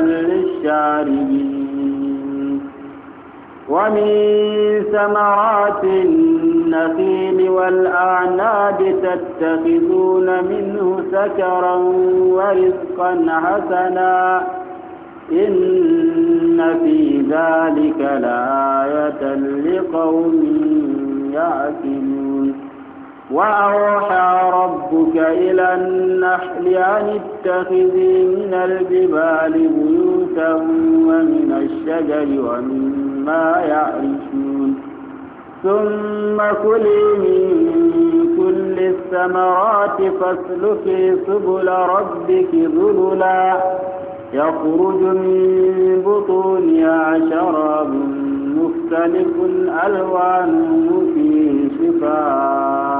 للشاربين ومن ثمرات النخيل والأعناب تتخذون منه سكرا ورزقا حسنا إن في ذلك لآية لقوم يعقلون وأوحى ربك إلى النحل أن اتخذي من الجبال بيوتا ومن الشجر ومما يعرشون ثم كلي من كل الثمرات فاسلكي سبل ربك ذللا يخرج من بطونها شراب مختلف ألوانه فيه شفاء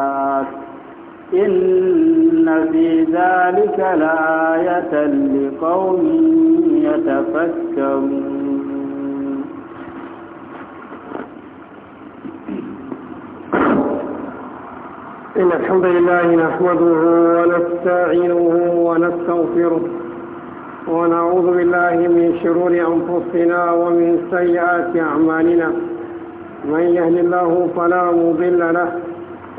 الناس إن في ذلك لآية لقوم يتفكرون إن الحمد لله نحمده ونستعينه ونستغفره ونعوذ بالله من شرور أنفسنا ومن سيئات أعمالنا من يهد الله فلا مضل له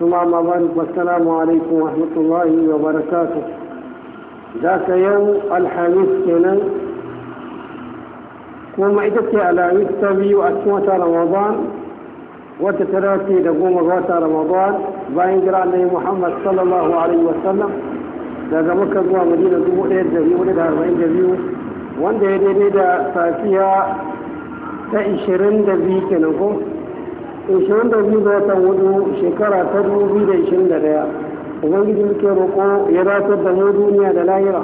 ثم أما بعد والسلام عليكم ورحمة الله وبركاته ذاك يوم الحديث كنا كما إذا على يستوي أسمة رمضان وتتراتي لقوم غوات رمضان باين جرى النبي محمد صلى الله عليه وسلم ذاك مكة قوى مدينة dubu ɗaya da biyu da arba'in da biyu wanda ya daidai da safiya ta 22 ga watan hudu shekara ta 2021 ubangiji muke roƙo ya ratar da mu duniya da lahira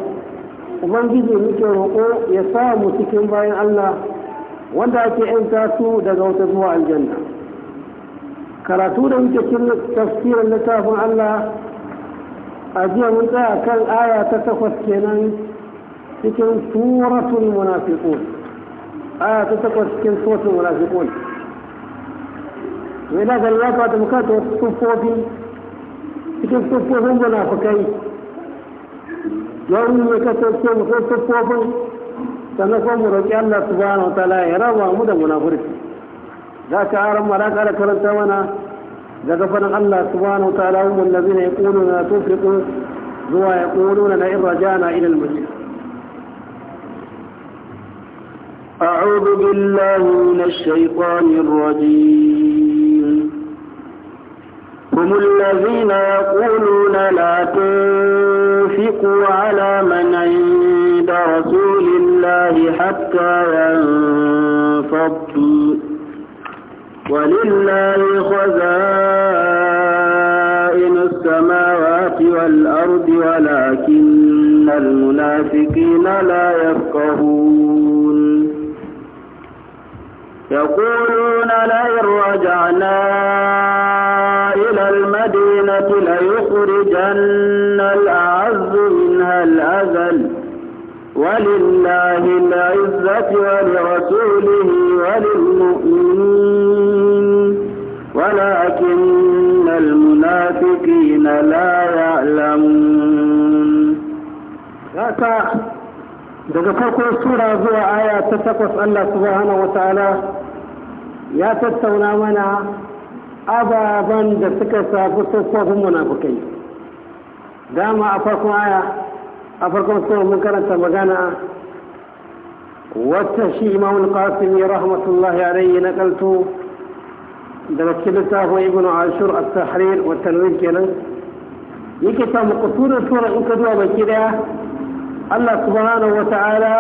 ubangiji muke roƙo ya sa mu cikin bayan allah wanda ake yan su daga wata zuwa aljanna karatu da muke cikin tafsirin littafin allah a jiya mun tsaya kan aya ta takwas kenan cikin suratul munafiqun aya ta takwas cikin suratul munafiqun وإذا الله بعد ما كانت تصفوا بي تصفوا هم منافقين يوم يكتبوا تصفوا بي تنقوم الله سبحانه وتعالى يروا مدى منافرين ذاك عارم وراك على كرنتوانا ذاك فنق الله سبحانه وتعالى هم الذين يقولون لا تنفقوا هو يقولون رجعنا إلى المسجد أعوذ بالله من الشيطان الرجيم هم الذين يقولون لا تنفقوا على من عند رسول الله حتى ينفضوا ولله خزائن السماوات والأرض ولكن المنافقين لا يفقهون يقولون لئن رجعنا إلى المدينة ليخرجن الأعز منها الأذل ولله العزة ولرسوله وللمؤمنين ولكن المنافقين لا يعلمون daga farkon sura zuwa aya ta takwas Allah subhanahu wa ta'ala ya tattauna mana ababen da suka safi sassafin munafukai dama a farkon aya a farkon sauran mun karanta magana wata shi imamul qasim ya rahmatullahi alaihi na kalto daga cikin littafin ibn ashur at-tahrir wa tanwin kenan yake ta muqtuda sura in ka duba baki daya Allah subhanahu wa ta'ala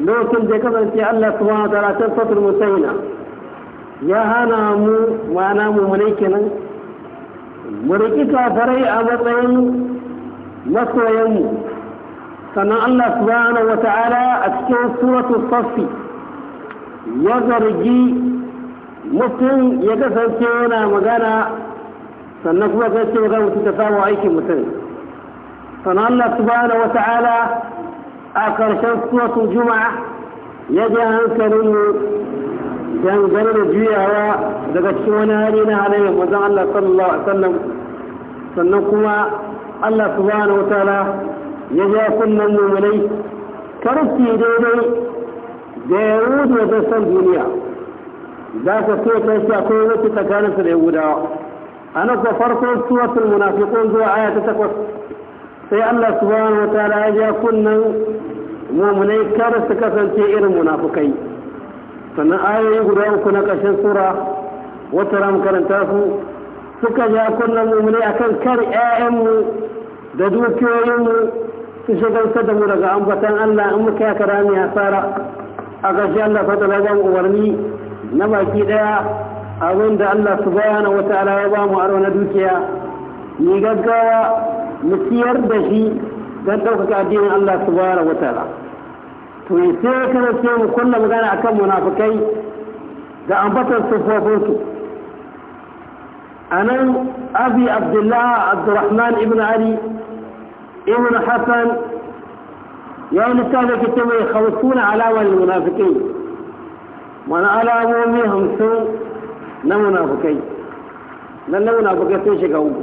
lokacin da ya kasance Allah subhanahu wa ta'ala ta fatul mutayna ya hana mu ma'ana mu mune kenan mu riƙi kafarai a matsayin masoyanmu sannan Allah subhanahu wata'ala a cikin suratul saffi ya zargi mutum ya kasance yana magana sannan kuma ce magana mutum ta samu aikin mutum sannan Allah subhanahu wata'ala a ƙarshen suratul juma'a ya ji hankalinmu dangane da juyawa daga cikin wani hali na halayyar mazan Allah sallallahu alaihi wasallam sannan kuma Allah subhanahu wataala ya ja kunnan muminai karfi daidai da ya yahudu da san duniya za ka so ta shi akwai wata tsakanin su da ya gudawa a nan ko farko suratul munafiqun zuwa aya ta takwas sai Allah subhanahu wataala ya ja kunnan muminai kar su kasance irin munafukai sannan ayoyi guda uku na ƙarshen sura wata ramu karanta su suka ja mummuni mumuni akan kar ƴaƴanmu da dukiyoyinmu su shigar da mu daga ambatan Allah in muka yaka rami a tsara a ƙarshe Allah fata laban umarni na baki ɗaya abin da Allah su bayana wata ala ya ba mu aro na dukiya ni gaggawa mu siyar da shi don ɗaukaka addinin Allah su bayana wata ala to ya sai ya kana ce mu kullum magana akan munafikai da ambatar sufofinsu a nan abi abdullah abdurrahman ibn ali ibn hassan ya wani sada kita mai hamsuna alamar munafikai wani alamomi hamsin na munafikai nan na munafikai sun shiga uku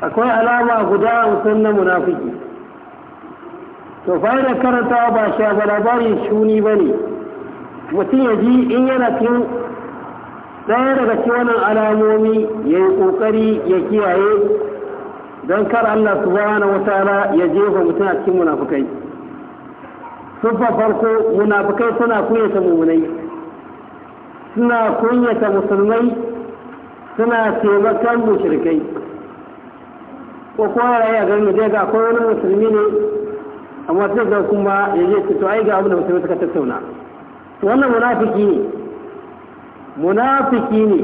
akwai alama guda hamsin na munafiki to da karanta ba sha a labarin shuni ba ne mutum ya ji in yana cikin ɗaya daga cikin alamomi ya yi ƙoƙari ya kiyaye don kar Allah subhanahu wa ta'ala ya jefa mutum a cikin munafukai fa farko munafukai suna kunyata mummunai suna kunyata musulmai suna taimakon mushrikai ko kowa ya gani akwai wani musulmi ne amma sai ga kuma yaje je ce to ai ga abin da mutum suka tattauna to wannan munafiki ne munafiki ne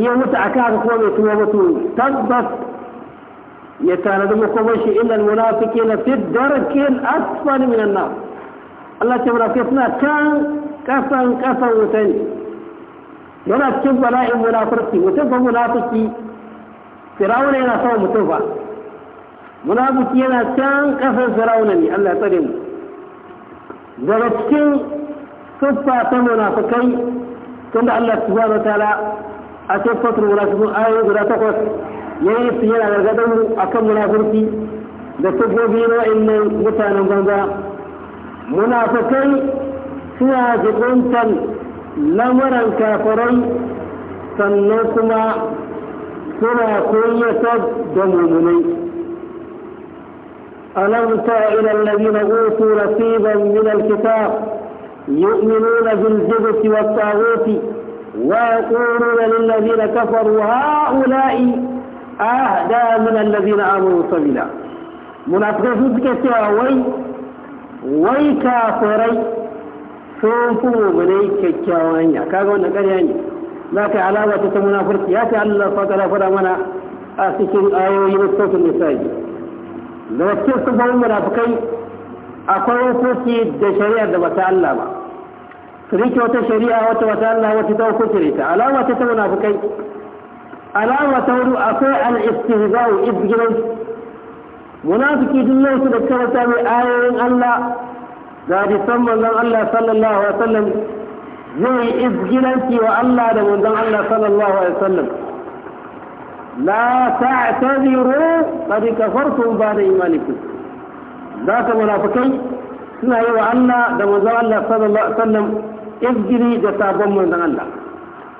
iya mutu a kan haka kuma bai tuba mutu tabbas ya tanadi makomar shi inda munafiki na fi darkin asfali min annab Allah ce munafiki suna can kasan kasan wuta ne yana cikin bala'in munafurci mutum fa munafiki firawuna yana sama mutum ba munafiki yana can kasar sarauna ne Allah tsare mu daga cikin siffa ta munafikai tunda Allah subhanahu wataala a siffatul munafiqun ayoyi guda takwas yayi su yana gargadar mu akan munafurci da siffofi na wa'annan mutanen banza munafikai suna jibuntan lamuran kafirai sannan kuma suna kunyatar da mumunai. ألم تر إلى الذين أوتوا نصيبا من الكتاب يؤمنون بالجبت والطاغوت ويقولون للذين كفروا هؤلاء أهدى من الذين آمنوا سبيلا منافقين كثيرا وي وي كافري شوفوا مني كيكاوانيا كاغو نكرياني لكن على وقت المنافق ياتي الله فرمنا أسكن آيوي نصوص النساجي da daga cikin sufafin munafukai akwai hukunci da shari'ar da bata Allah ba su rike wata shari'a wata wata Allah wata ta hukunci ta alama ta ta munafukai alama ta hudu akwai al-istihza'u ibgiran munafiki duk yau su da karanta mai ayoyin Allah ga hadisan manzon Allah sallallahu alaihi wasallam zai izgilanci wa Allah da manzon Allah sallallahu alaihi wasallam la ta'tadiru qad kafartum ba'da imanikum za ta munafikai suna yi wa Allah da manzon Allah sallallahu alaihi da sabon manzon Allah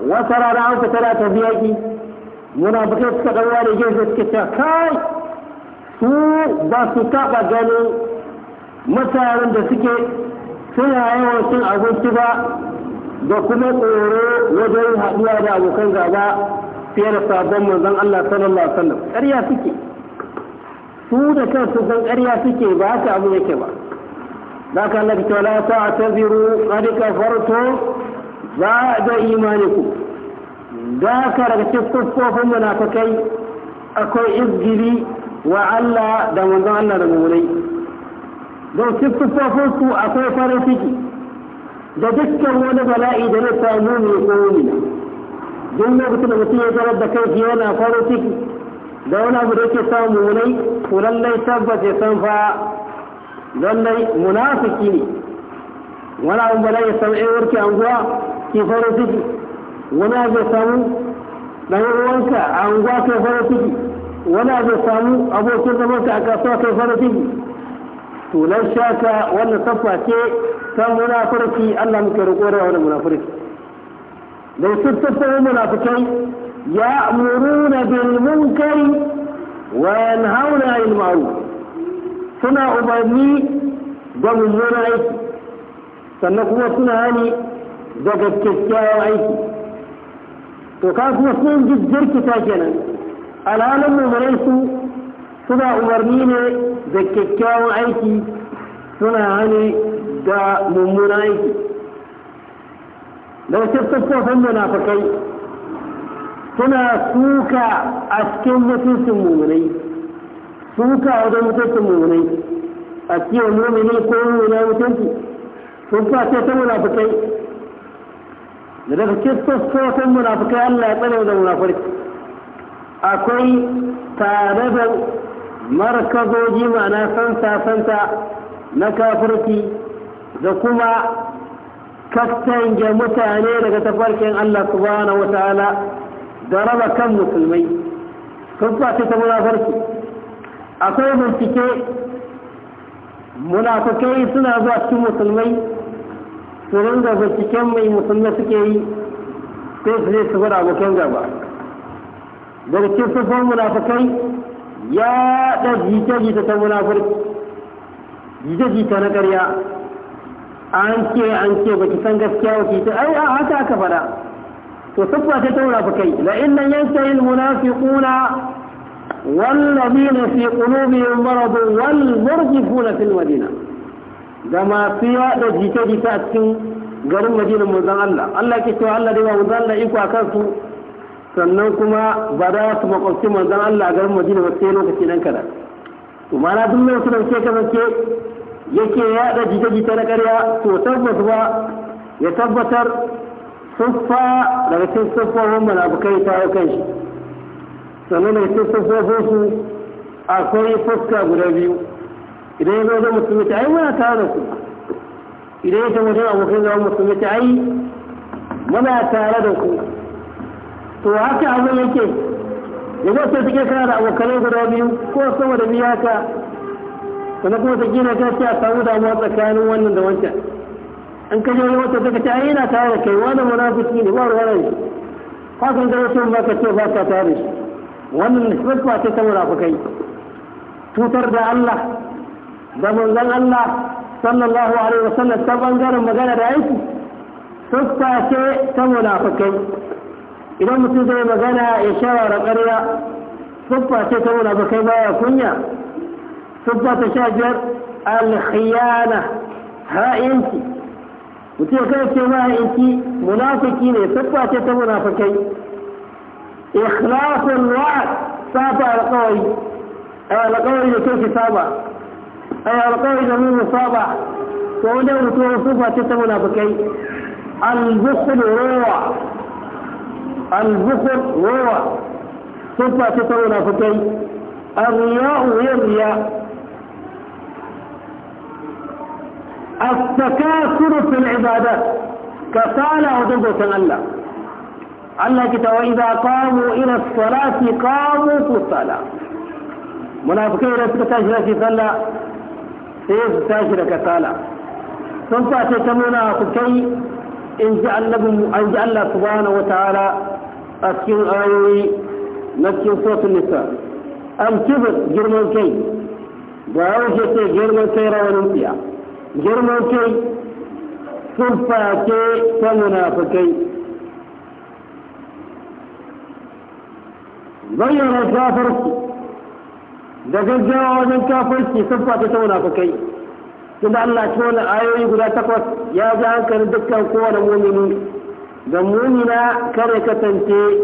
wata rana an fita da tafiyaki munafikai suka dawo da gefe suka ce kai su ba su taba ganin mutanen da suke suna yawan cin abinci ba da kuma tsoro wajen haɗuwa da abokan gaba fiye da sabon manzon Allah sallallahu alaihi wasallam ƙarya suke su da kansu san ƙarya suke ba haka abu yake ba za ka Allah ta la ta'taziru qad kafartu ba'da imanikum da ka daga cikin kofin munafikai akwai izgiri wa Allah da manzon Allah da murai don cikin kofin su akwai farin ciki da dukkan wani bala'i da na samu ne ko na. duk lokacin da mutum ya zarar da kanshi yana faru ciki da wani abu da yake samu munai kulallai lallai tabbas ya san fa lallai munafiki ne wani abu bala ya samu ɗaya warke anguwa ki faru ciki wani abu ya samu ɗan ruwanka a anguwa kai faru ciki wani abu ya samu abokin zamanka a kasuwa kai faru ciki tunan shaka wannan saffa ce ta munafurci Allah muke roƙo da wannan munafurci da siffofi munafikai ya'muruna bil munkari wa yanhauna 'anil ma'ruf suna umarni da mummunan aiki sannan kuma suna hani daga kyakkyawan aiki to ka kuma sun jirkita kenan alhalin mummunai su suna umarni ne da kyakkyawan aiki suna hani da mummunan aiki da wasu siffofin munafikai suna suka a cikin mutuncin mummunai suka wajen mutuncin mummunai a cikin mummuni ko mummuna mutunci suka ce ta munafikai da daga siffofin munafikai Allah ya tsare da munafarki akwai tare da markazoji ma'ana santa santa na kafirki da kuma kastange mutane daga tafarkin Allah subhanahu ta'ala da raba kan musulmai kun ce ta munafarki akwai bincike munafukai suna zuwa cikin musulmai su ringa binciken mai musulmai suke yi sai su je su gwada abokan gaba daga cikin sufan munafukai ya ɗa jita-jita ta munafarki jita-jita na ƙarya an ce an ce baki san gaskiya ba ki ta ai a haka aka fara to suffa ta taura fa kai la in lam yantahi al munafiquna wal ladina fi qulubihim marad wal murjifuna fil madina da masu yaɗa jita-jita a cikin garin mu zan Allah Allah ke cewa Allah dai ba zan Allah iko a kansu sannan kuma ba da su makwabci manzon Allah a garin madina ba sai lokaci nan kada to mana duk mai sunan ke kasance yake yaɗa jita-jita na karya to tabbas ba ya tabbatar siffa daga cikin siffofin munafukai ta hau kan shi sannan daga cikin siffofin su akwai fuska guda biyu idan ya zo da musulmi ta ai muna tare da su. idan ya tabbata abokan zaman musulmi ta ai muna tare da su. to haka abin yake ya zo sai suke kana da abokanai guda biyu ko sama da biyu haka sannan kuma ta gina ta sai a samu damuwa tsakanin wannan da wancan an ka je wata ta kace ai ina tare da kai wannan munafiki ne ba ruwa ne ka san da wasu ba ka ce ba ka tare shi wannan sifa ce ta munafikai tutar da Allah da manzon Allah sallallahu alaihi wasallam ta bangaren magana da aiki sifa ce ta munafikai idan mutum zai magana ya shawara ƙarya sifa ce ta munafikai baya kunya تبدا تشاجر الخيانه ها انت وتيجي كيف ما انت منافقين تبدا تشاجر منافقين اخلاص الوعد سابع القوي اي القوي لكيف سابع اي القوي لمين سابع فهنا وتيجي تبدا تشاجر منافقين البخل روع البخل روع تبدا تشاجر منافقين الرياء هي الرياء التكاثر في العبادات كسالة وجنبه الله الله كتاب وإذا قاموا إلى الصلاة قاموا الصلاة منافقين رسك تاجر في صلى سيز تاجر كسالة ثم تتمنى كي إن جعل لكم أن جعل الله سبحانه وتعالى أسكن آيوي نسكن صوت النساء الكبر جرمان كي وأوجه جرمان كي روان انتيا girman kai ce ta munafikai bayyana kafarki da gaggawa wajen kafarki siffa ce ta munafikai tunda Allah ta wani ayoyi guda takwas ya ji hankalin dukkan kowane mumini da mumina kare kasance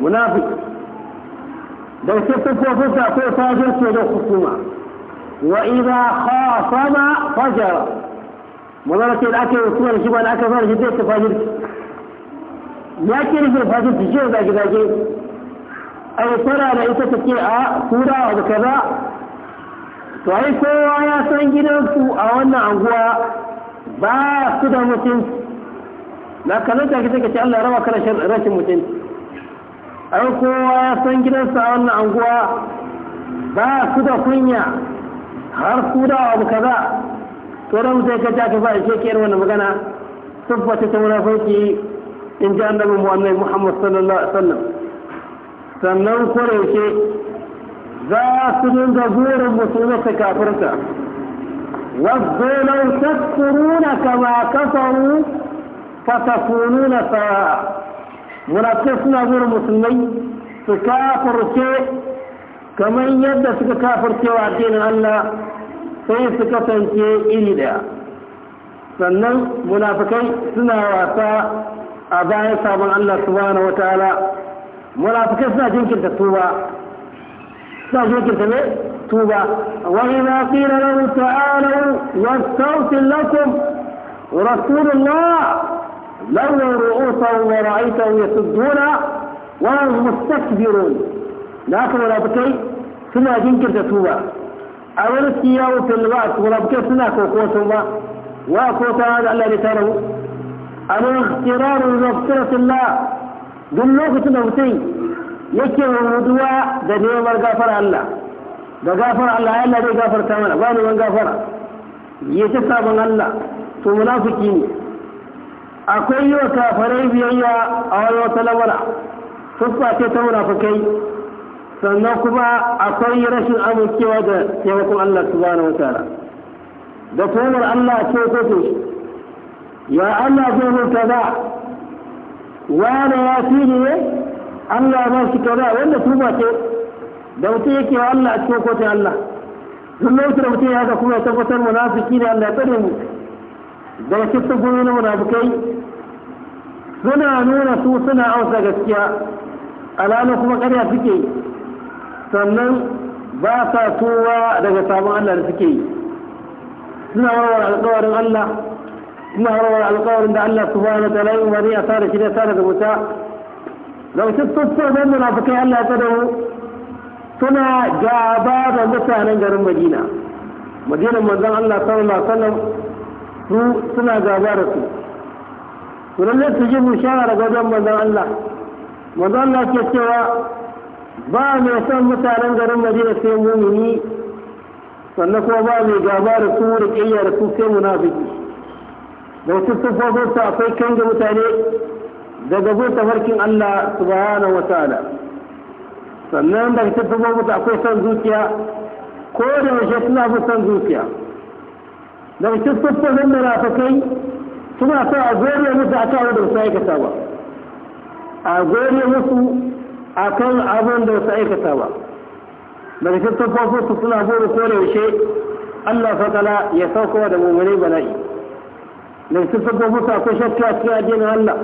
munafiki da sai siffofinsa akwai ce da hukuma وإذا خاصم فجر مدرة الأكل وكما نشبه الأكل فارج البيت تفاجر لكن في الفاجر تشير ذاك ذاك أي ترى ليس تكيئة كورا وكذا فأي كوا يا سنجد أو أن أنقوا ba su da mutunci na kallon take take ce Allah rawa kana rashin mutunci ai kowa ya san gidansa a wannan anguwa ba su da kunya har ku da abu kaza to da mutai ka ta ba ke ke wannan magana tabbata ta munafiki in ji annabi Muhammad Muhammad sallallahu alaihi wasallam sannan yake za su dinga burin musulmi ta kafirta wadda lau taskuruna kama kafaru fatakununa sa. munafiki suna burin musulmai su kafirce kamar yadda suka kafircewa addinin Allah sai su kasance iri daya sannan munafikai suna wasa a bayan sabon Allah subhanahu wataala munafikai suna jinkirta tuba suna jinkirta ne tuba wa idza qila lahum ta'alu yastaghfir lakum rasulullah law ru'usahum wa ra'aytahum yasudduna wa hum mustakbirun da haka munafikai suna jinkirta tuba a wani ba a munafikai suna kokowa ba wa ko ta da Allah ne a nan amma ikhtiraru maghfiratillah duk lokacin da mutum yake ruduwa da neman gafara Allah da gafara Allah ya Allah zai gafarta mana ba neman gafara ya ta sabon Allah to munafiki ne akwai yi wa kafarai biyayya a wani wata lamara suffa ce ta munafikai sannan kuma akwai rashin amincewa da taimakon Allah subhanahu wataala da taimakon Allah ce ko ya Allah zai mun kaza wane ya fi ne Allah ba shi kaza wanda tuba ce da mutum yake wa Allah a cikin kotun Allah duk lokacin da mutum ya haka kuma ya tabbatar munafiki ne Allah ya tsare mu daga cikin guri na munafikai suna nuna su suna ausa gaskiya alamu kuma ƙarya suke yi sannan ba sa towa daga sabon Allah da suke yi suna warware alƙawarin Allah kuma warware alƙawarin da Allah subhanahu ta layin wani a sada shi da sada zumunta da wasu tsotsoron kai Allah ta tsada mu suna gaba da mutanen garin Madina Madinan manzon Allah sallallahu alaihi wasallam su suna gaba da su to lalle su ji bushara daga wajen manzon Allah manzon Allah ke cewa ba mai son mutanen garin Madina sai mumini sannan kuma ba mai gaba da su da kiyya da su sai munafiki da wasu sufofin sa akwai kan da mutane daga bin tafarkin Allah subhanahu wa ta'ala sannan daga sufofin sa akwai son zuciya ko da yaushe suna fi son zuciya daga sufofin munafikai suna sa a gore musu a kawo da su aikata ba a gode musu a kan abin da wasu aikata ba daga cikin su suna buru ko da yaushe Allah fatala ya saukowa da mummune bala'i da cikin tafofinsu akwai shakka cikin addinin Allah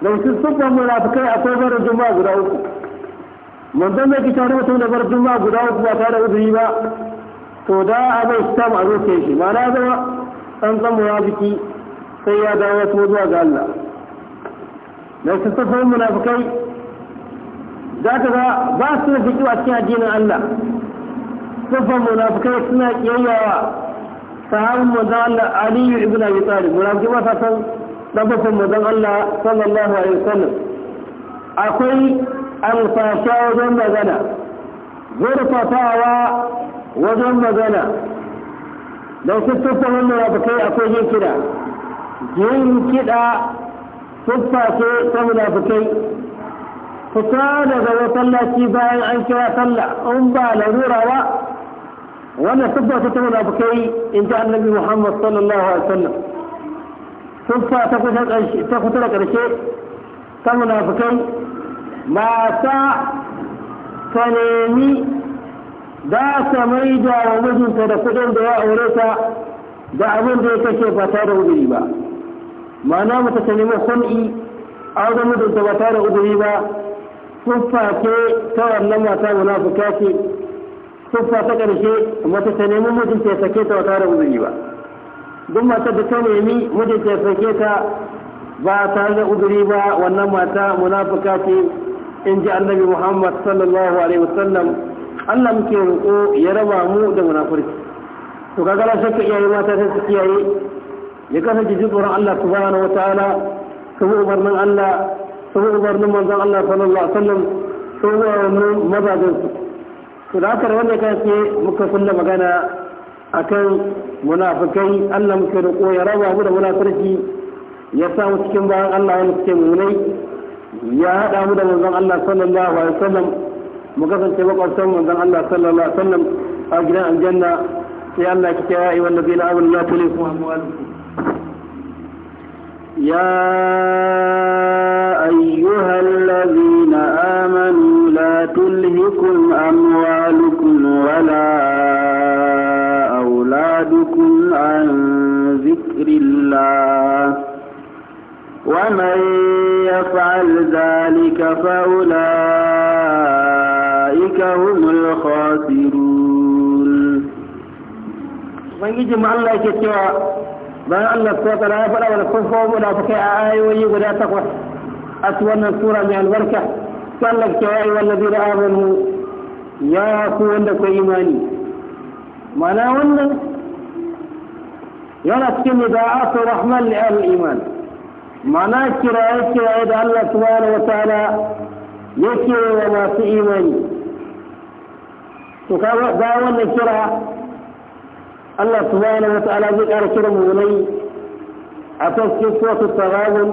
da cikin tafofin munafikai a kogar juma'a guda uku manzon da ke tare mutum da bar juma'a guda uku ba tare da uzuri ba to da a bai sam a zuciyar shi ma na zama tsantsan biki sai ya dawo wasu zuwa ga Allah da cikin tafofin munafukai. za ka ga ba su da a cikin addinin Allah kufan munafikai suna kiyayyawa sahabin manzon Allah Ali ibn Abi Talib munafiki ba ta san dabbakan manzon Allah sallallahu alaihi wasallam akwai alfasha wajen magana zurfafawa wajen magana don wani munafikai akwai yin kiɗa yin kiɗa siffa ce ta munafikai fita daga masallaci bayan an kira sallah in ba larura ba wannan siffa ta tana da kai in ji annabi muhammad sallallahu alaihi wasallam siffa ta kusa ƙarshe ta kusa da ƙarshe ta munafikai mata ta nemi da ta maida wa mijinta da kuɗin da ya aure ta da abin da ya kashe ba tare da uzuri ba ma'ana mata ta nemi hul'i a wajen mijinta ba tare da uzuri ba siffa ta wannan mata munafuka ce siffa ta ƙarshe mata ta nemi mijinta ya sake ta wata da uzuri ba duk matar da ta nemi mijinta ya sake ta ba ta da uzuri ba wannan mata munafuka ce in ji annabi muhammad sallallahu alaihi wasallam allah muke roƙo ya raba mu da munafurci to kaga na shakka iyaye mata sai su kiyaye ya kasance ji tsoron allah subhanahu wataala su bi umarnin allah sun umarnin manzon Allah sallallahu alaihi wasallam sun umarnin mazajen su to da haka wanda ka ce muka kulla magana a kan munafikai Allah muke roƙo ya raba mu da munafurci ya sa mu cikin bayan Allah wani suke munai ya haɗa mu da manzon Allah sallallahu alaihi wasallam mu kasance makwabtan manzon Allah sallallahu alaihi wasallam a gidan aljanna sai Allah ya yi wannan bin abin la tulifu amwalukum يا أيها الذين آمنوا لا تلهكم أموالكم ولا أولادكم عن ذكر الله ومن يفعل ذلك فأولئك هم الخاسرون. من يجمع الله cewa bayan Allah subhanahu ya faɗa wa kuffar munafikai a ayoyi guda takwas a wannan sura mai albarka sallar ke yayi wallazi da amanu ya ku wanda ku imani mana wannan yana cikin nida'atu rahman li ahli iman mana kiraye kiraye da Allah subhanahu wa ta'ala yake wa masu imani to kaga wannan kira الله سبحانه وتعالى ذكر كرم ولي أتوك سورة التغابن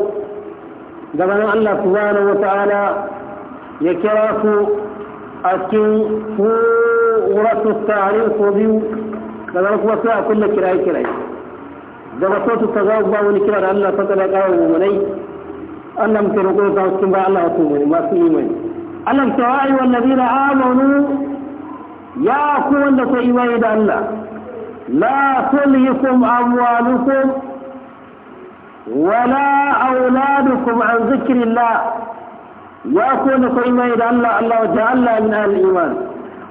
دبنا الله سبحانه وتعالى يكراك أكي سورة التعريف وبيو دبنا قوة كل كراي كراي دبنا سورة التغابن باوني كرار الله تعالى قاوم ولي الله متركوا تاوسكم بأ الله أتومني ما في إيمان ألم ترى أيها الذين آمنوا يا أخوان لكم إيمان الله لا تلهكم أموالكم ولا أولادكم عن ذكر الله يكون قيمة إذا الله الله جعلنا من أهل الإيمان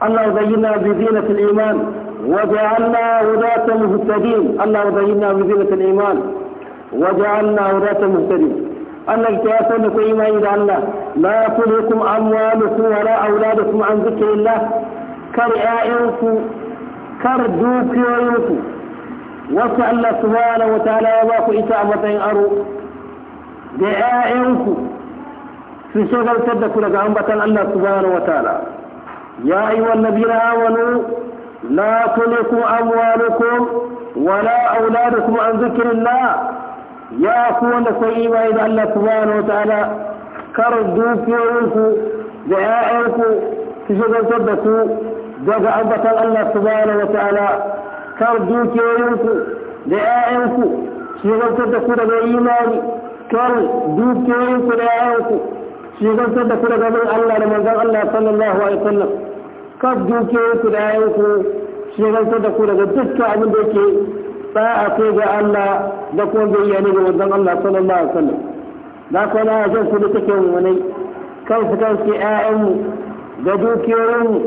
الله زينا بزينة الإيمان وجعلنا هداة مهتدين الله زينا بزينة الإيمان وجعلنا هداة مهتدين أنك تأتون قيمة إذا الله لا تلهكم أموالكم ولا أولادكم عن ذكر الله كرئائكم kar dukiyoyinsu wasu Allah subhanahu wa ta'ala ya ba ku ita a matsayin aro da 'ya'yanku su shagaltar da ku daga ambatan Allah subhanahu wa ta'ala ya yi wallabi na amanu la tuliku amwalukum wala auladukum an zikrillah ya ku wanda kun imani da Allah subhanahu wa ta'ala kar dukiyoyinku da 'ya'yanku su shagaltar da ku دوغا ابطا الله سبحانه وتعالى كردو كيرنكو دعائنكو شيغل تدكورا بإيمان كر لا كيرنكو دعائنكو شيغل تدكورا بإيمان الله رمضان الله, الله صلى الله عليه وسلم كر دو لا دعائنكو شيغل تدكورا بدكا عمل بكي فا أقيد الله دكوان بإيمان رمضان الله صلى الله عليه وسلم لكن أجل سلتك يوم ولي كيف تنسي آئم دو كيرنكو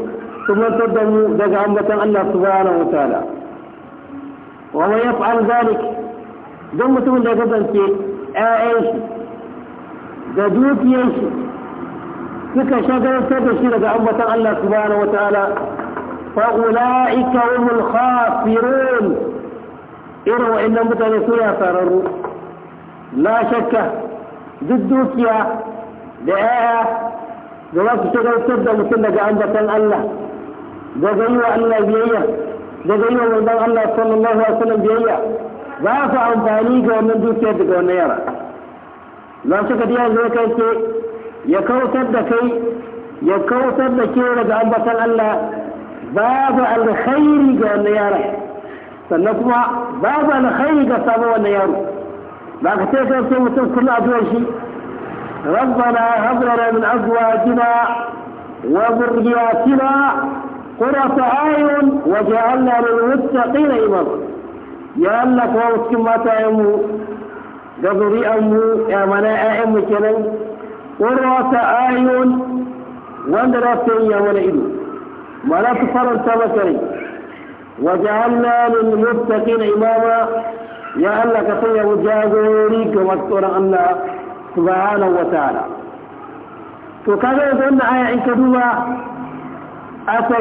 ثم دمو دقا عمتا الله سبحانه وتعالى وهو يفعل ذلك دمو تقول لك بانتي ايش دادوك ايش تلك شجرة تبشي لقا عمتا الله سبحانه وتعالى فأولئك هم الخاسرون إروا إن متى نسوا يفرروا لا شك ضدوك يا دعاء دعاء تشغل تبدا مثل لك عند الله wajen wa Allah biyayya wajen yi wa manzon Allah sallallahu alaihi wasallam biyayya za su amfani ga wannan dukiyar daga wannan yara za su ka yanzu ya kai ke ya kautar da kai ya kautar da ke daga ambatan Allah babu alkhairi ga wannan yara sannan kuma babu alkhairi ga sabon wannan yaro ba ka ce kai ce mutum kullum addu'ar shi ربنا هب لنا من ازواجنا وذرياتنا قرة أعين وجعلنا للمتقين إماما يا الله كوامس كما تأمو قبري أمو أمنا أمو كنن قرة أعين وندرا سيئا ونئلو ما لا تفرن وجعلنا للمتقين إماما يا الله كفيا كما تقول أن سبحانه وتعالى to يظن آية إنك aya a ka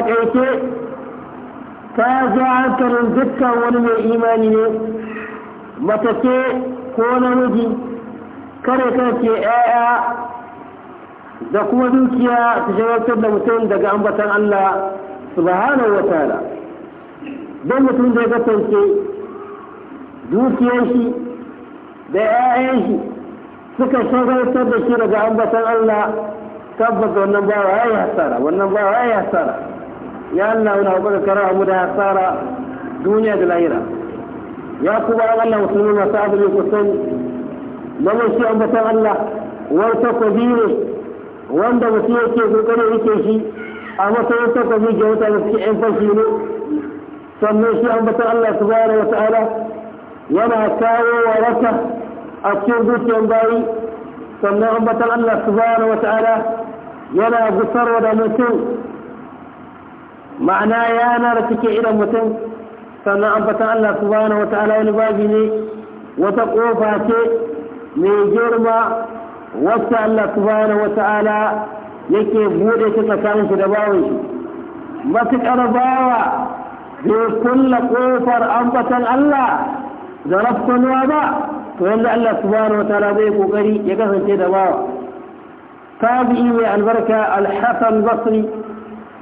ta zo hankalin dukkan wani mai imani ne matake ko namiji kare kanke ‘ya'ya da kuma dukiya su shagaltar da mutum daga ambatan Allah subhanahu wa ta'ala don mutum da ya kasance dukiyarshi da ‘ya'yan suka shagaltar da shi daga ambatan Allah tabbas wannan bawa ya yi hasara wannan bawa ya yi hasara ya Allah wani haƙura kara mu da hasara duniya da lahira ya kuma Allah musulmi masu azumi ku sani mamman shi ambatan Allah wani takobi ne wanda mutum yake kokarin rike shi a matsayin takobi ga mutane suke yan fashi ne sannan shi ambatan Allah su subhanahu wa ta'ala yana kawo waraka a cikin zuciyar bayi sannan ambatan Allah su subhanahu wa ta'ala yana gusar da mutum ma'ana yana da suke idan mutum sannan an ambatan Allah subhanahu wa ta'ala wani babi ne wata kofa ce mai girma wacce Allah subhanahu wa ta'ala yake bude ta tsakanin shi da bawon shi matuƙar bawa bai kulla kofar ambatan Allah da rafsanuwa ba to yanzu Allah subhanahu wa ta'ala zai kokari ya kasance da bawa تابعي البركة الحسن البصري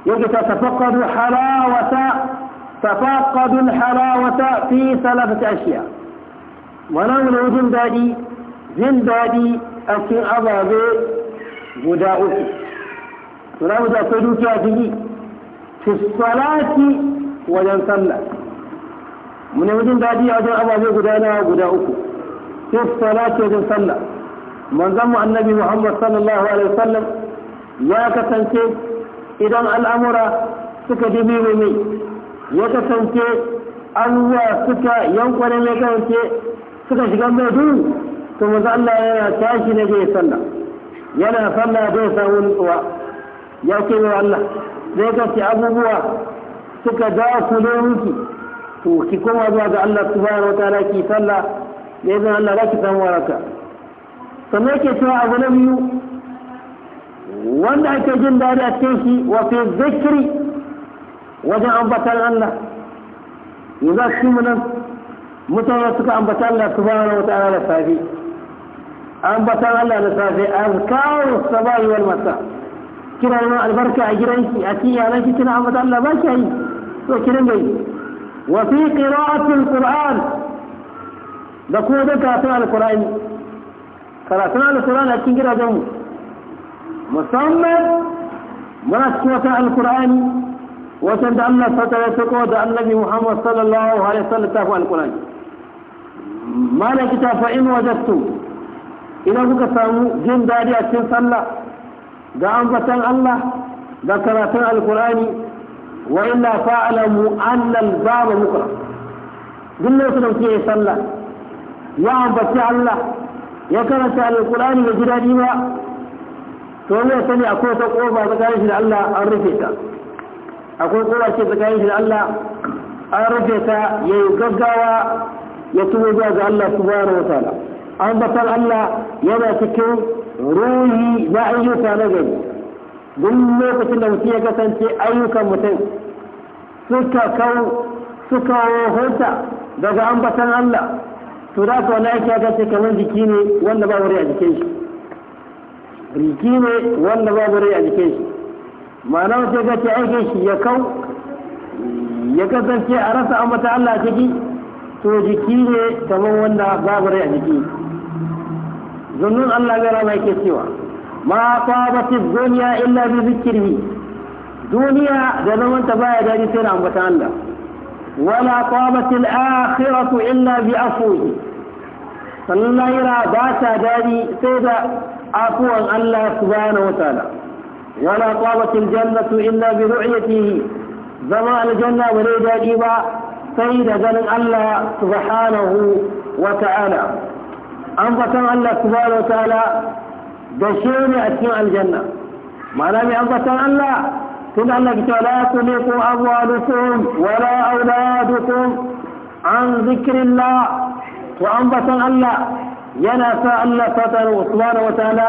يتفقد حلاوة تفقد الحلاوة في ثلاثة أشياء ونولو جندادي جندادي أكي أبابي بداؤك تنام تأكدو كافي في الصلاة وجن صلى من أجل أجن أبابي بدانا وبداؤك في الصلاة وجن صلى manzon annabi Muhammad sallallahu alaihi wasallam ya kasance idan al'amura suka dubi mai ya kasance abubuwa suka yankwane ya kasance suka shiga mai duhu to manzon Allah yana tashi na bai sallah yana sallah bai samu nutsuwa ya ce wa Allah zai kasance abubuwa suka za ku ne miki to ki koma zuwa ga Allah subhanahu wataala ki sallah ne zan Allah za ki samu waraka sannan yake cewa abu na biyu wanda ake jin daɗi a cikin shi wa fi wajen ambatan Allah za shi mu nan mutane suka ambata Allah su wata wataala da safe ambatan Allah da safe kawo sabayi wal masa kina neman albarka a gidanki a cikin iyalanki kina ambatan Allah ba ki yi to kina mai wa fi qira'atil qur'an da kuma da karatun alqur'ani karatun alkur'ani a cikin gidajenmu musamman muna cikin wata alkur'ani wata da Allah sata ya sako da annabi Muhammad sallallahu alaihi wasallam ta alkur'ani malaki ta fa in wajadtu idan kuka samu jin dadi a cikin sallah da ambatan Allah da karatun alkur'ani wa illa fa'alamu anna al-baba mukra duk lokacin da kuke sallah ya ambaci Allah ya karanta alkur'ani da ji daɗi ba to ya sani akwai wata ƙofa tsakanin shi da Allah an rufe ta akwai ƙofa ce tsakanin shi da Allah an rufe ta ya yi gaggawa ya tuwo zuwa ga Allah subhanahu wataala an batar Allah yana cikin ruhi na ayyuka na gari duk lokacin da mutum ya kasance ayyukan mutum suka kau suka wahunta daga ambatan Allah to da ka wani aiki ta ce kamar jiki ne wanda ba rai a jikin shi jiki ne wanda ba rai a jikin shi ma'ana wata ga ce aikin shi ya kau ya kasance a rasa ambata Allah a ciki to jiki ne kamar wanda babu rai a jiki zunnun Allah gara mai ke cewa ma ta duniya illa bi zikri duniya da zaman ta baya dadi sai na ambata Allah ولا طابت الآخرة إلا بأفوه فلما يرى باتا داني سيدا أفوا الله سبحانه وتعالى ولا طابت الجنة إلا برعيته زماء الجنة وليد أجيبا سيدا جل الله سبحانه وتعالى أنبتا الله سبحانه وتعالى دشيني أسماء الجنة ما لم أنبتا الله قل أنك لا تنق أموالكم ولا أولادكم عن ذكر الله وعن بطن ينسى ينفع الله فتن سبحانه وتعالى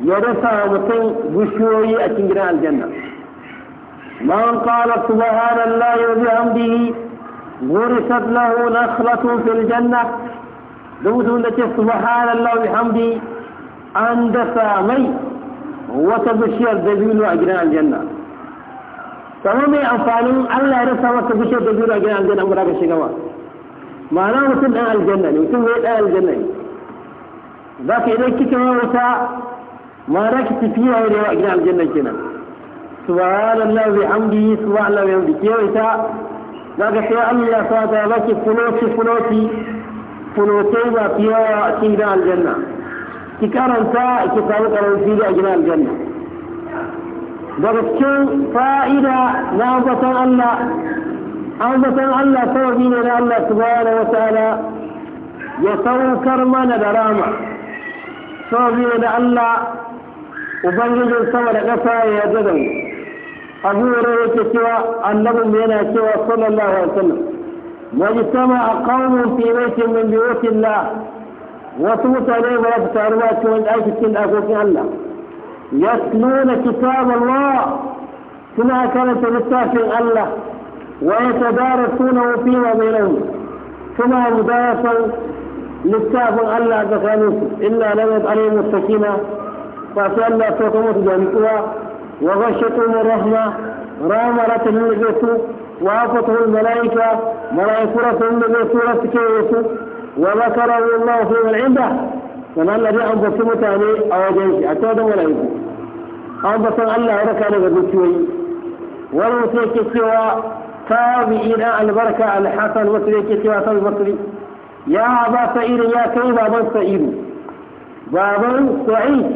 يرسى بطن بشوري أتنجر الجنة من قال سبحان الله وبحمده ورثت له نخلة في الجنة دوزون لك سبحان الله وبحمده أندسى مي وتبشر دليل أجران الجنة kamar mai amfanin Allah ya rasa maka bishiyar da jura gina aljanna ba ka shiga ba ma'ana mutum ɗan aljanna ne mutum yi ɗan aljanna ne za ka idan kika yi wata ma'ana ki tafi yawa da yawa gina aljanna kenan subhanallah bi amdi subhanallah bi amdi kewa ta za ka sai Allah ya sa ta za ki funoti funoti funotai ba fi yawa a cikin gidan aljanna ki karanta ki samu karanci a gina aljanna درستون فائدة لعظة الله عظة الله فوقين إلى الله سبحانه وتعالى يصور كرمان دراما فوقين إلى الله وبنجد الصور قصا يجدن أبو رويك سوى النبي من سوى صلى الله عليه وسلم واجتمع قوم في بيت من بيوت الله وصوت عليه ورب تعالى وكما أجتمع قوم يتلون كتاب الله كما كانت مستاكين الله ويتدارسونه فيما بينهم كما مدارسا مستاف الا بخانوس إلا لم يب عليهم السكينة فأسأل الله فتموت جانبها وغشتهم الرحمة رام على تهيل جيسو وعفته الملائكة ملائكة رسول جيسو رسكي جيسو وذكره الله في العبادة kana Allah an ambaci mutane a wajen shi a ta wajen an ambatan Allah ya raka daga dukiyoyi wani mutum yake cewa tabi'i dan albarka alhasan wasu yake cewa sabi basri ya ba sa'iru ya kai baban sa'iru baban sa'id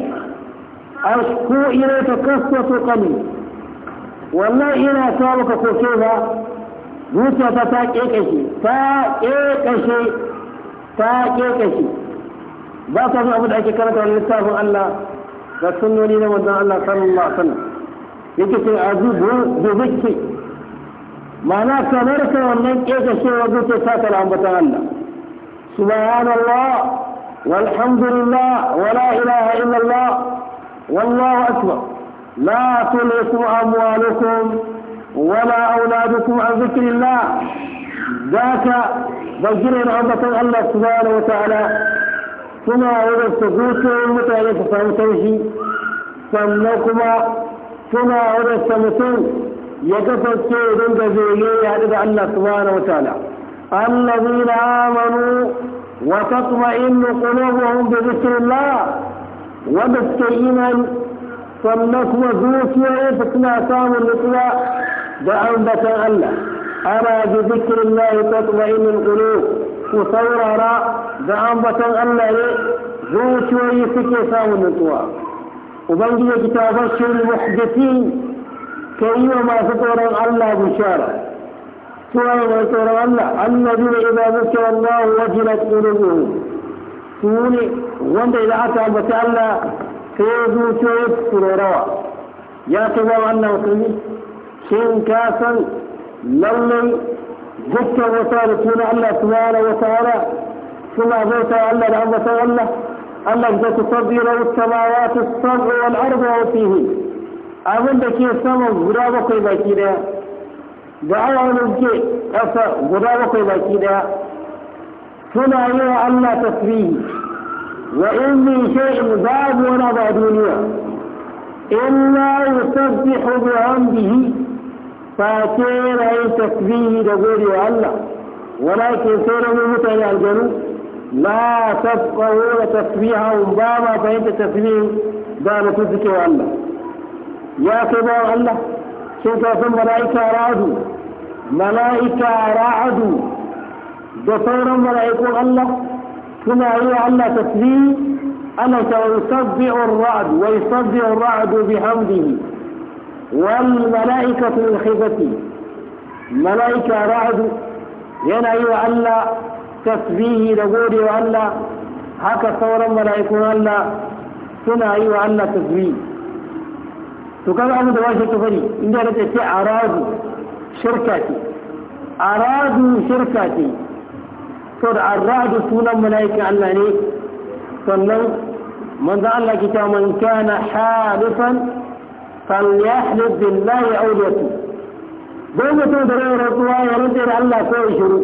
ashku ilayka qaswatu qalbi wallahi ina ta maka koke ba zuciyata ta kekashe ta kekashe ta kekashe ba sa son abu da ake karanta wani littafin Allah da sunnoni na manzon Allah sallallahu alaihi wasallam yake ce azubu bi zikri ma'ana kamar ka wannan kekashewar zuciya ta kala ambatan Allah subhanallah walhamdulillah wala ilaha illallah wallahu akbar la tulhikum amwalukum ولا أولادكم عن ذكر الله ذاك بجر عبة الله سبحانه وتعالى kuma suna su dukiyar mutane su samu taushi sannan kuma suna su mutum ya kasance idan da zai ya haɗu da Allah su na amanu wa ta'ala الذين آمنوا وتطمئن قلوبهم بذكر الله وذكر إيمان فلنكم ذوكي فتنا da اللقوة دعوا بتغلى أنا بذكر الله تطمئن القلوب ku saurara da ambaton Allah ne zuciyoyi suke samun nutsuwa ubangiji ta bashin muhdathin ka yi wa masu tsoron Allah bishara suwa mai tsoron Allah annabi ne idan zuke wallahu wajilat qulubuhum su ne wanda idan aka ambata Allah sai zuciyoyi su rawa ya ta zama wannan musulmi shin ka san lallai جبت وصالتون الله سبحانه وتعالى ثم أبيت على لعم والله الله جاءت تدير السماوات السبع والأرض وفيه أمن لك السماء غدا بقي باكي دا دعوا عن أسا غدا بقي باكي ثم أيها الله تسبيه وإني شيء ذاب ولا بعد دنيا إلا يسبح بعمده فأكيرا تسبيه دقولي الله ولكن سيره متعي الجنوب لا تفقهون تسبيحهم بابا فهمت تسبيه دام تذكي الله يا سبع الله شوف ثم ملائكة رعدوا ملائكة رعدوا دفورا ملائكة الله كما هو الله تسبيح أنا سيصدع الرعد ويصدع الرعد بحمده والملائكة من خفتي ملائكة رعد yana yi wa Allah tasbihi da gode wa Allah haka sauran mala'ikun Allah suna yi wa Allah tasbihi to kaga abu da washe ta fari inda da ce aradu shirka ce aradu shirka ce to da aradu sunan mala'ikin Allah ne sannan manzo Allah kita man kana halifan فليحلف بالله أو ليكن دون تدري رضوى يرد إلى الله كوي شروع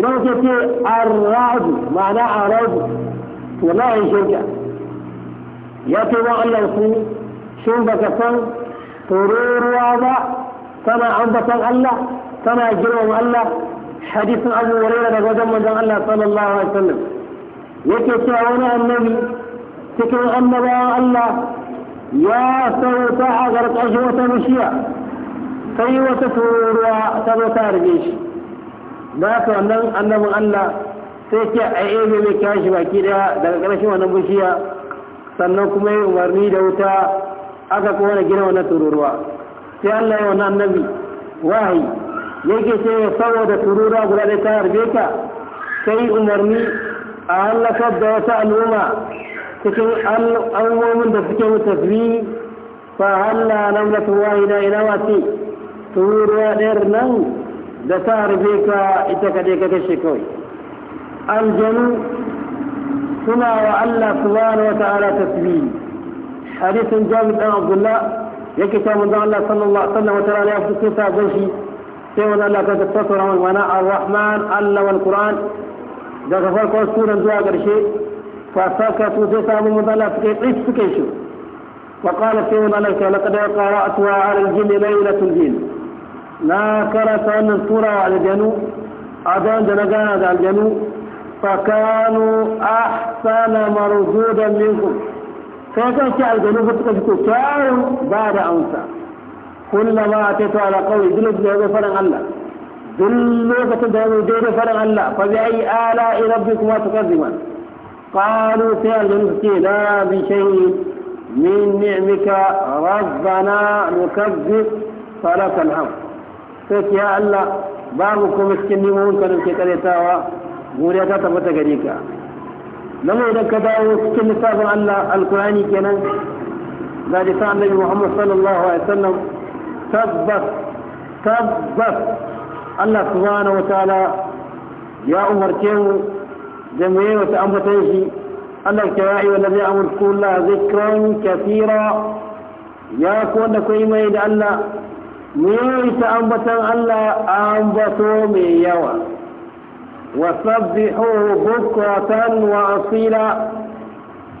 رجتي الرعد معناها رعد ولا يشجع يتوى الله سوء شو بك سن طرور واضع كما عندك الله كما جرم الله حديث أبو هريرة رضي الله صلى الله عليه وسلم يكي تعاون النبي تكون النبي الله ya sauta a ƙarƙashin wata bishiya sai wata turuwa ta zo ta harbe shi da haka wannan annabin Allah sai ke a ebe mai shi baki daya daga ƙarshen wannan bishiya sannan kuma yi umarni da wuta aka kowane gina wannan tururuwa sai Allah ya annabi wahayi yake ce saboda tururuwa guda ɗaya ta harbe ka sai umarni a hallakar da wata al'umma cikin al'ummomin da suke mutafi fa halla namlatu wahida ila wasi turuwa ɗayar nan da ta harbe ka ita kaɗai ka kashe kawai aljanu suna wa Allah subhanahu wa ta'ala tasbih hadisin Jabir dan Abdullah yake ta manzo Allah sallallahu alaihi wasallam wata rana ya fito ta gashi sai wanda Allah ta tattaura mana ar-Rahman Allah wal Qur'an daga farkon suran zuwa ƙarshe فسكتوا تسع من مضلات كيشو وقال في ملك لقد قرأتها على الجن ليلة الجن لا كرس أن الكرة على الجنو أدان جنجان على الجنو فكانوا أحسن مردودا منكم فكان شعر الجنوب فتكتكوا كانوا بعد أنسى كلما أتيت على قوي جلد جهد فرع الله جلد جهد فرع الله فبأي آلاء ربكما تقدمان قالوا فعل ابتلاء بشيء من نعمك ربنا نكذب فلك الحمد فك يا الله بابكم اسكنمون كنم كتريتاوا غوريتا تبتا غريكا لما إذا كداو اسكن لتابع الله القرآن كنا ذلك النبي محمد صلى الله عليه وسلم تبت تبت الله سبحانه وتعالى يا أمر كيمو جميع وتأمته أن الكواعي والذي أمر كل ذكرا كثيرا يا أكوان كريما إذا ألا ميو يتأمت ألا أنبتوا من يوى وسبحوه بكرة وأصيلا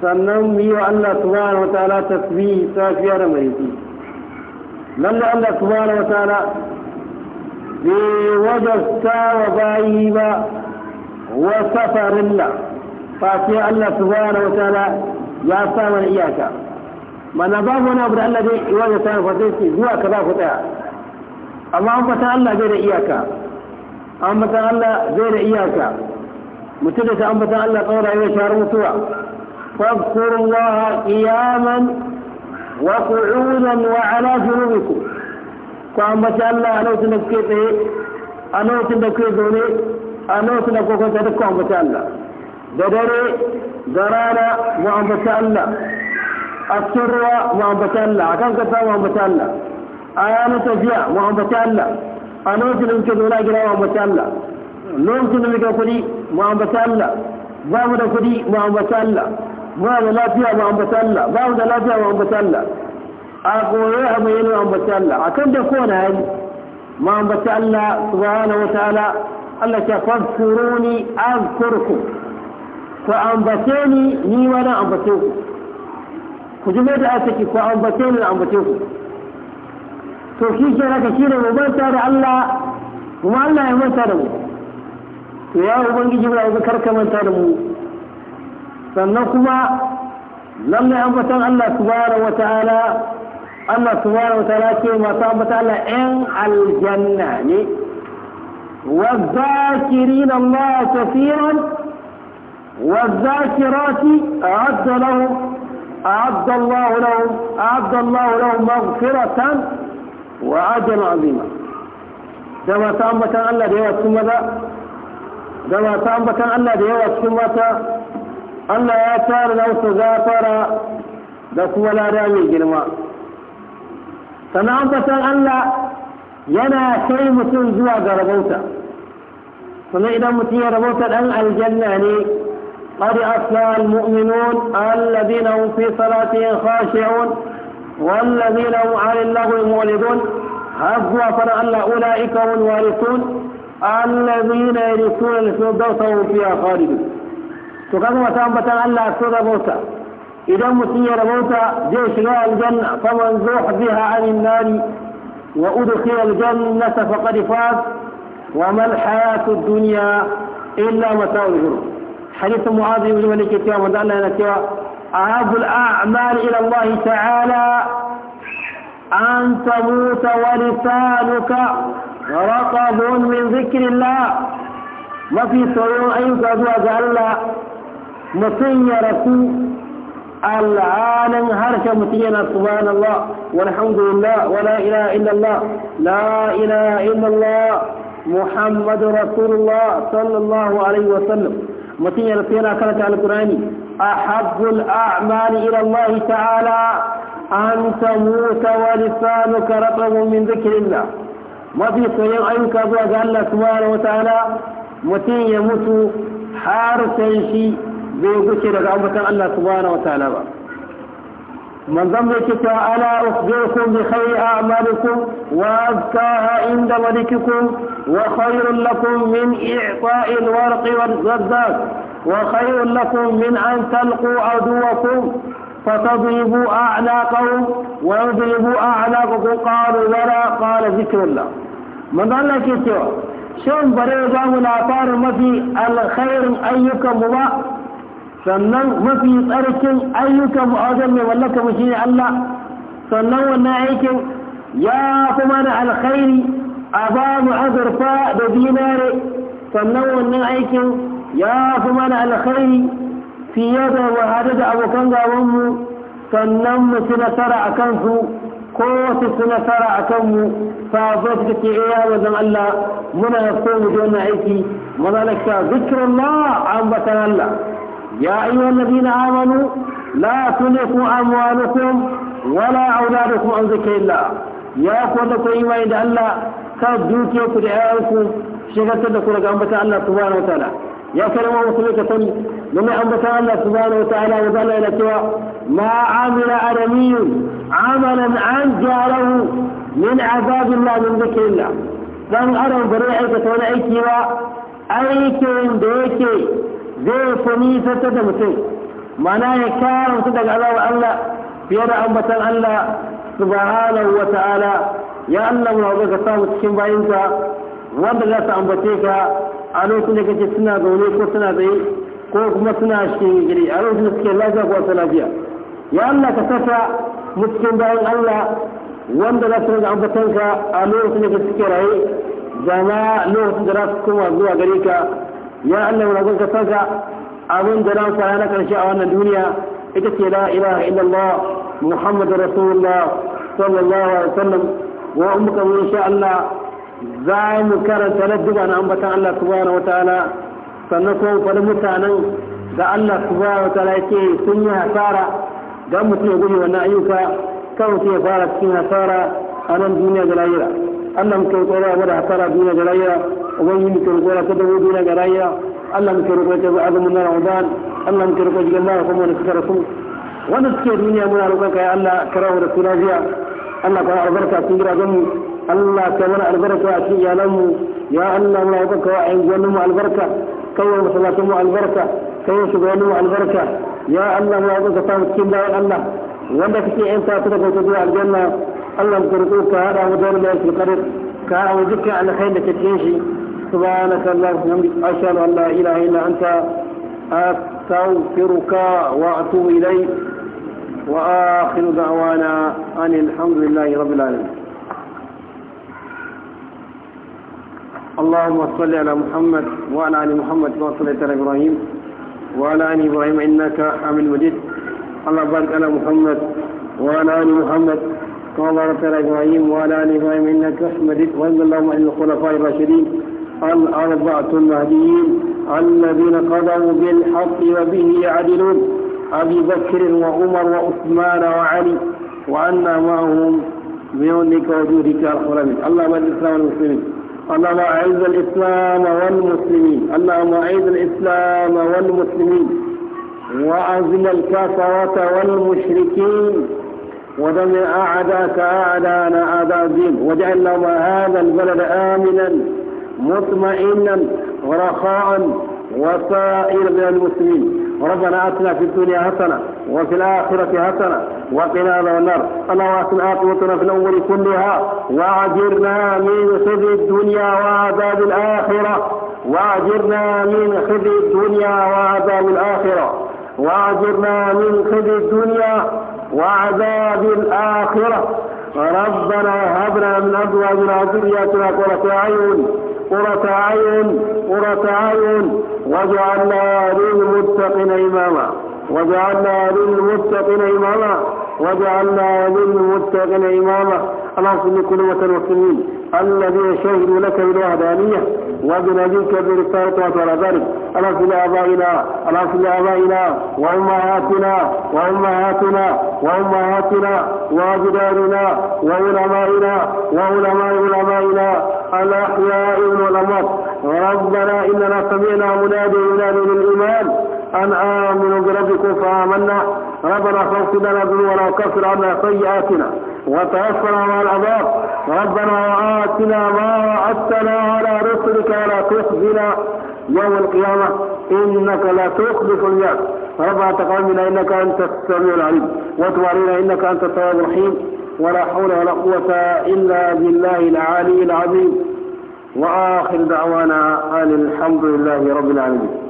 سنم ميو ألا سبحانه وتعالى تسبيه سافيا رمريتي لأن الله سبحانه وتعالى بوجه الساوى بايبا وسفر الله فاتي الله سبحانه وتعالى يا سامر إياك ما نظام ونعبد الذي يواجه سامر فتيسي هو كذا فتاة اللهم تعالى غير إياك اللهم تعالى غير إياك متلك أم تعالى قولا إلى شهر مطوع فاذكروا الله قياما وقعودا وعلى جنوبكم فأما تعالى أنوت نبكيته أنوت نبكيته a nan suna kokonta duk ambaci Allah da dare da rana mu ambaci Allah a cikin ruwa mu ambaci Allah a kan kasa mu ambaci Allah a yanar tafiya mu ambaci Allah a lokacin da muke zaune a gida mu ambaci Allah lokacin da muke kuɗi mu ambaci Allah ba mu da kuɗi mu ambaci Allah ba da lafiya mu ambaci Allah ba mu da lafiya mu ambaci Allah a koyo a bayyana mu ambaci Allah a kan da kowane hali mu ambaci Allah subhanahu wa ta'ala Allah ce fadkuruni azkurku ku ambace ni ni ma na ambace ku ku ji da aka ki ku ambace ni na ambace ku to shi ke naka shi ne manta da Allah kuma Allah ya manta da mu to ya ubangiji ba ga karka manta da mu sannan kuma lallai ambatan Allah subhanahu wataala Allah subhanahu wataala ce masu ambata Allah 'yan aljanna ne والذاكرين الله كثيرا والذاكرات أعد لهم أعد الله لهم أعد الله لهم مغفرة وأجرا عظيما كما تأمك الله ديوة السمة كما تأمك الله ديوة السمة الله يا تار لو سزافر ولا رامي جنما كما أمك الله yana kai mutum zuwa ga rabauta kuma idan mutum ya rabauta dan aljanna ne qad aflaha almu'minun alladhina hum fi salatihim khashi'un والذين هم عن الله معرضون هبوا فرع الله أولئك هم الوارثون الذين يرثون الفردوس وهم فيها خالدون تقدم وتنبتا الله سورة ربوتا إذا مسير ربوتا جيش لا الجنة فمن زوح بها عن النار وأدخل الجنة فقد فاز وما الحياة الدنيا إلا متاع الغرور حديث معاذ بن مالك كما قال أهب الأعمال إلى الله تعالى أن تموت ولسانك رقب من ذكر الله ما في صيوع أيضا مصير مسيرة العالم هرش متينا سبحان الله والحمد لله ولا إله إلا الله لا إله إلا الله محمد رسول الله صلى الله عليه وسلم متينا سينا كانت على القرآن أحب الأعمال إلى الله تعالى أن تموت ولسانك رطب من ذكر الله ما في صيام أيك أبوك الله سبحانه وتعالى متين يموت حارسا شيء zai guce daga ambatan Allah subhanahu wa ta'ala ba manzon mai kita ala ukhbirukum bi khayri a'malikum wa azkaha inda malikikum wa khayrun lakum min i'ta'i al-warq wal-ghaddaq wa khayrun lakum min an talqu aduwakum فتضربوا أعناقهم ويضربوا أعناقكم قالوا ولا قال ذكر الله من قال لك شو شو بريغا منافار ما في الخير أيكم ba. sannan mafi tsarkin ayyukan mu'azan mai wallaka mu ne Allah sannan wannan aikin ya kuma da alkhairi a ba mu azurfa da dinare sannan wannan aikin ya kuma da alkhairi fiye da wahada da abokan gabanmu sannan mu ci nasara a kansu ko wasu su nasara a kanmu sabo suka ce iya eh, wajen Allah muna so mu ji wannan aiki mazalaka zikirin ma ambatan Allah يا أيها الذين آمنوا لا تلقوا أموالكم ولا أولادكم عن ذكر الله يا أخوانكم إيمان إلى الله كالدوكيكم دعاءكم شغلتكم لك أنبت الله سبحانه وتعالى ya kalma musulunta kun domin ambata Allah subhanahu wataala ya zala yana cewa ma amila adamiyun amalan an jalahu min azabillah min zikrillah dan adam bare aikata wani aiki ba aikin da yake zai sami tattar da mutum mana ya kyara mutum daga azabar Allah fiye da ambatan Allah subhanahu wa ta'ala ya Allah mu wajen ka samu cikin bayinka wanda za su ambace ka a lokacin da kake suna zaune ko suna tsaye ko kuma suna shi gari a lokacin da suke lafiya ko wata lafiya ya Allah ka sassa mu cikin bayan Allah wanda za su ambatan ambatanka a lokacin da suke raye da lokacin da za su koma zuwa gare ka ya Allah muna gunka sanka abin da ransa ya na karshe a wannan duniya ita ce la ilaha illallah muhammadu rasulullah sallallahu alaihi wasallam wa ummuka mu sha Allah za mu karanta ladduba na ambatan Allah subhanahu wataala sannan kuma faɗi mutanen da Allah subhanahu wataala yake sun yi hasara dan mutum ya gudu wannan ayyuka kan mutum ya fara cikin hasara a nan duniya da lahira Allah muke roƙo da abada asara duniya da rayuwa ubangiji muke roƙo da kadabu duniya da rayuwa Allah muke roƙo da azumin na Ramadan Allah mu roƙo da jama'a kuma da suka rasu wanda suke duniya muna roƙon ka ya Allah karawo da su lafiya Allah ka albarka cikin gidajen mu Allah ka mana albarka a cikin iyalan mu ya Allah muna roƙon ka a yanzu mu albarka kai wa masallatan mu albarka kai wa shugabannin mu albarka ya Allah muna roƙon ka samu cikin bayan Allah wanda kake yan ta daga wata zuwa aljanna الله gurgu ka hada mu da wannan alƙarar ka hada mu dukkan alkhairin da ke أشهد أن لا إله إلا أنت استغفرك واتوب اليك واخر دعوانا ان الحمد لله رب العالمين اللهم صل على محمد وعلى ال محمد كما صليت على ابراهيم وعلى ال ابراهيم انك حميد مجيد اللهم بارك على محمد وعلى ال محمد كما باركت على إبراهيم وعلى آل إبراهيم إنك أحمد وارض اللهم عن الخلفاء الراشدين الأربعة المهديين الذين قضوا بالحق وبه يعدلون أبي بكر وعمر وعثمان وعلي وعنا معهم بيونك وجودك يا رب العالمين اللهم الإسلام والمسلمين اللهم أعز الإسلام والمسلمين اللهم أعز الإسلام والمسلمين وأذل الكافرات والمشركين ودمر أعداك أعداءنا أعداء الدين لهم هذا البلد آمنا مطمئنا ورخاء وسائر من المسلمين ربنا أتنا في الدنيا حسنة وفي الآخرة حسنة وقنا عذاب النار اللهم أتنا عاقبتنا في الأول كلها وأجرنا من خزي الدنيا وعذاب الآخرة وأجرنا من خزي الدنيا وعذاب الآخرة وأجرنا من خزي الدنيا وعذاب الآخرة ربنا هب لنا من أزواجنا وذرياتنا قرة أعين قرة أعين قرة أعين واجعلنا للمتقين إماما واجعلنا للمتقين إماما واجعلنا للمتقين إماما اللهم صل كل المسلمين الذين شهدوا لك بالوحدانية وبنبيك برسالة في اللهم لآبائنا اللهم لآبائنا وأمهاتنا وأمهاتنا وأمهاتنا وأجدادنا وعلمائنا وعلماء علمائنا الأحياء والأموات ربنا إننا سمعنا منادي ينادي للإيمان أن آمنوا بربكم فآمنا ربنا فاغفر لنا ذنوبنا وكفر عنا سيئاتنا وتوفنا مع العذاب ربنا وآتنا ما وعدتنا على رسلك ولا تخزنا يوم القيامة إنك لا تخلف الناس ربنا تقبل إنك أنت السميع العليم وتب علينا إنك أنت التواب الرحيم ولا حول ولا قوة إلا بالله العلي العظيم وآخر دعوانا أن الحمد لله رب العالمين